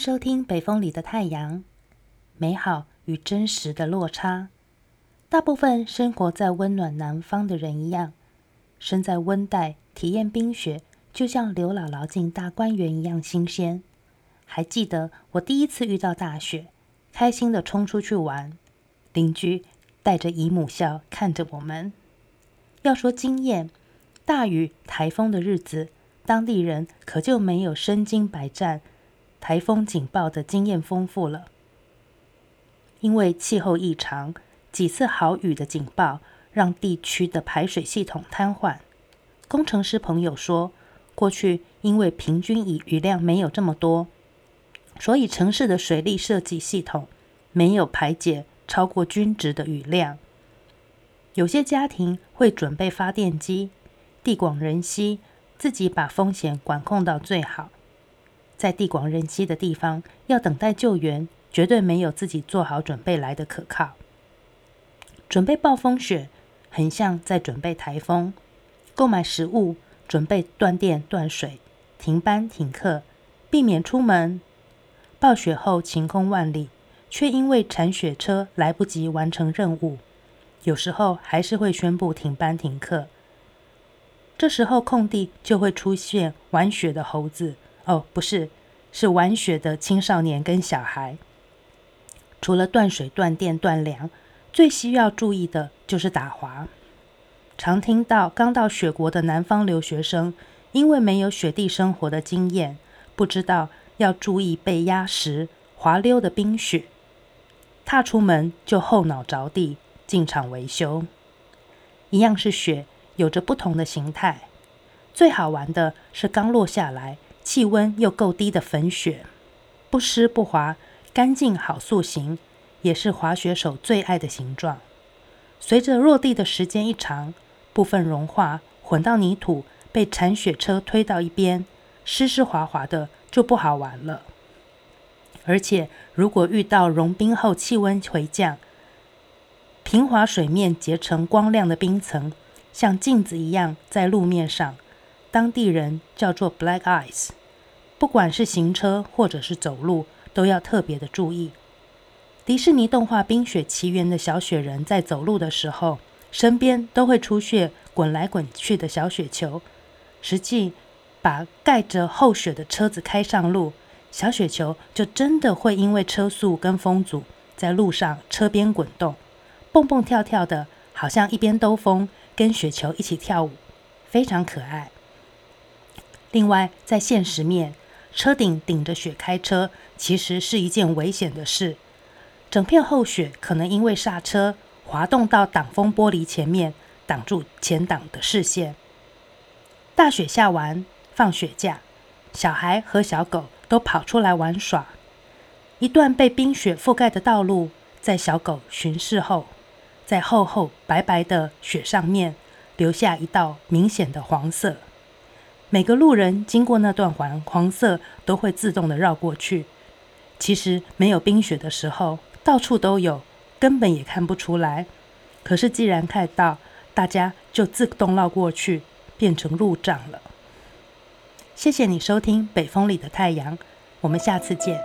收聽《北風裡的太陽》，美好與真實的落差。大部分生活在溫暖南方的人一樣，身在溫帶，體驗冰雪，就像劉姥姥進大觀園一樣新鮮。還記得我第一次遇到大雪，開心地衝出去玩，鄰居帶着姨母笑看着我們。要說經驗，大雨、台風的日子，當地人可就沒有身經百戰。颱風警報的經驗豐富了，因為氣候異常，幾次豪雨的警報讓地區的排水系統癱瘓。工程師朋友說，過去因為平均雨雨量沒有這麼多，所以城市的水利設計系統沒有排解超過均值的雨量。有些家庭會準備發電機，地廣人稀，自己把風險管控到最好。在地廣人稀的地方，要等待救援，絕對沒有自己做好準備來的可靠。準備暴風雪，很像在準備颱風；購買食物，準備斷電、斷水、停班、停課，避免出門。暴雪後晴空萬里，卻因為鏟雪車來不及完成任務，有時候還是會宣布停班停課。這時候空地就會出現玩雪的猴子。哦，不是，是玩雪的青少年跟小孩。除了斷水、斷電、斷糧，最需要注意的就是打滑。常聽到剛到雪國的南方留學生，因為沒有雪地生活的經驗，不知道要注意被壓實滑溜的冰雪，踏出門就後腦着地，進廠維修。一樣是雪，有着不同的形態。最好玩的是剛落下來。氣溫又夠低的粉雪，不濕不滑，乾淨好塑形，也是滑雪手最愛的形狀。隨着落地的時間一長，部分融化混到泥土，被鏟雪車推到一邊，濕濕滑滑的就不好玩了。而且如果遇到融冰後氣溫回降，平滑水面結成光亮的冰層，像鏡子一樣在路面上。當地人叫做 Black Ice，不管是行車或者是走路，都要特別的注意。迪士尼動畫《冰雪奇緣》的小雪人在走路的時候，身邊都會出現滾來滾去的小雪球。實際把蓋着厚雪的車子開上路，小雪球就真的會因為車速跟風阻，在路上車邊滾動，蹦蹦跳跳的，好像一邊兜風跟雪球一起跳舞，非常可愛。另外，在現實面，車頂頂着雪開車其實是一件危險的事。整片厚雪可能因為剎車滑動到擋風玻璃前面，擋住前擋的視線。大雪下完，放雪假，小孩和小狗都跑出來玩耍。一段被冰雪覆蓋的道路，在小狗巡視後，在厚厚白白的雪上面留下一道明顯的黃色。每個路人經過那段環黃色，都會自動的繞過去。其實沒有冰雪的時候，到處都有，根本也看不出來。可是既然看到，大家就自動繞過去，變成路障了。謝謝你收聽《北風裡的太陽》，我們下次見。